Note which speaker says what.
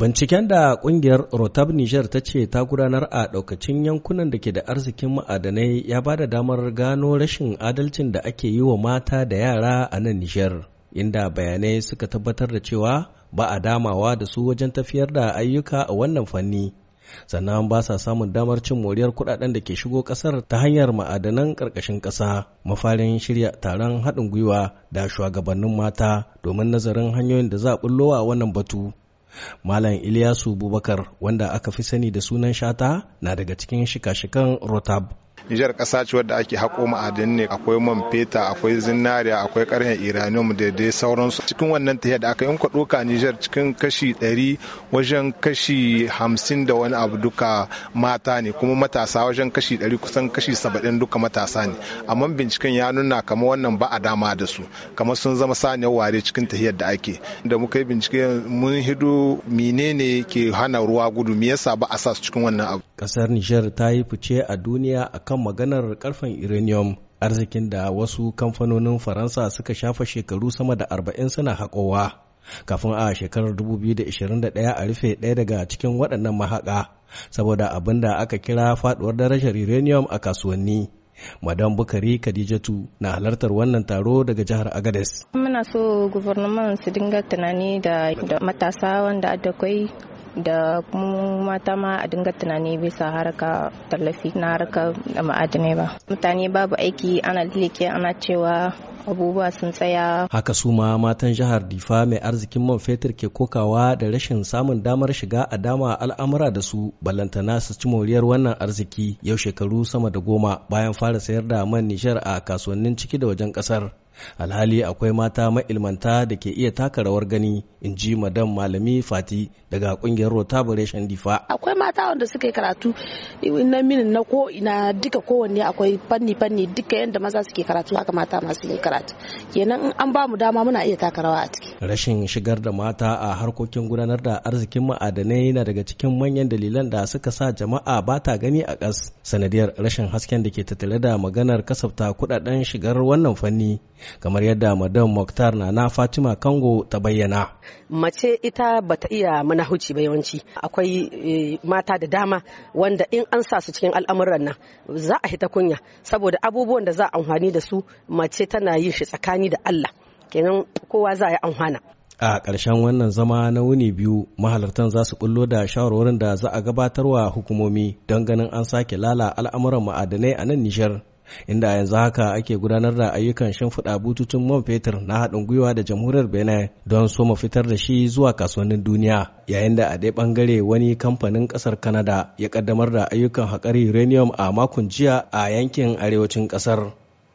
Speaker 1: Binciken da kungiyar Rotab Niger ta ce ta gudanar a ɗaukacin yankunan da ke da arzikin ma'adanai ya ba da damar gano rashin adalcin da ake yi wa mata da yara a nan Niger, inda bayanai suka tabbatar da cewa ba a damawa da su wajen tafiyar da ayyuka a wannan fanni. sannan ba sa samun damar cin moriyar kudaden da ke shigo kasar ta hanyar ma'adanan karkashin ƙasa, mafarin shirya taron haɗin gwiwa da shugabannin mata domin nazarin hanyoyin da za a bullowa wannan batu Malam Ilyasu Bubakar wanda aka fi sani da sunan shata na daga cikin shika-shikan Rotab.
Speaker 2: Nijar ƙasa ce wadda ake haƙo ma'adin ne akwai man feta akwai zinariya akwai ƙarhen iranium da dai sauransu cikin wannan tahiya da aka yi yanka ɗoka Nijar cikin kashi ɗari wajen kashi hamsin da wani abu duka mata ne kuma matasa wajen kashi ɗari kusan kashi saba'in duka matasa ne amma binciken ya nuna kamar wannan ba a dama da su kamar sun zama saniyar ware cikin tahiyar da ake da muka yi bincike mun hido menene ke hana ruwa gudu me yasa ba a sa su cikin wannan abu
Speaker 1: ƙasar Nijar ta yi fice a duniya a kan maganar karfen uranium arzikin da wasu kamfanonin faransa suka shafa shekaru sama da arba'in suna haƙowa kafin a shekarar 2021 a rufe ɗaya daga cikin waɗannan mahaƙa saboda abin da aka kira faɗuwar darajar uranium a kasuwanni madam bukari khadijatu na halartar wannan taro daga jihar agades muna so gwamnatin su dinga tunani da matasa wanda da da kuma mata ma a dinga tunani bisa harka tallafi na harka ma'adinai ba mutane babu aiki ana lilike ana cewa abubuwa sun tsaya. Haka su ma matan jihar Difa mai arzikin man fetur ke kokawa da rashin samun damar shiga a dama al'amura da su balantana su ci moriyar wannan arziki yau shekaru sama da goma bayan fara sayar da man Nijar a kasuwannin ciki da wajen kasar. Alhali akwai mata ma'ilmanta da ke iya taka rawar gani in ji madam malami fati daga kungiyar rotabaration difa. Akwai mata wanda suka yi karatu na minin na ko ina duka kowanne akwai fanni fanni duka yadda maza suke karatu haka mata masu yi karatu kenan in an ba mu dama muna iya taka rawa a ciki rashin shigar da mata a harkokin gudanar da arzikin ma'adanai na daga cikin manyan dalilan da suka sa jama'a ba ta gani a ƙas sanadiyar rashin hasken da ke tattale da maganar kasafta kudaden shigar wannan fanni kamar yadda madam moktar na na fatima kango ta bayyana mace ita ba ta iya manahuci ba yawanci akwai eh, mata da dama wanda in an sa su cikin al'amuran nan za a hita kunya saboda abubuwan da za a amfani da su mace tana yin shi tsakani da allah kenan kowa za a yi amfana a ƙarshen wannan zama na wuni biyu mahalartan za su bullo da shawarwarin da za a gabatarwa hukumomi don ganin an sake lala al'amuran ma'adanai a nan nijar inda yanzu haka ake gudanar da ayyukan shimfiɗa bututun man fetur na haɗin gwiwa da jamhuriyar benin don soma fitar da shi zuwa kasuwannin duniya yayin da a ɗaya ɓangare wani kamfanin ƙasar Kanada ya ƙaddamar da ayyukan haƙar uranium a makon jiya a yankin arewacin ƙasar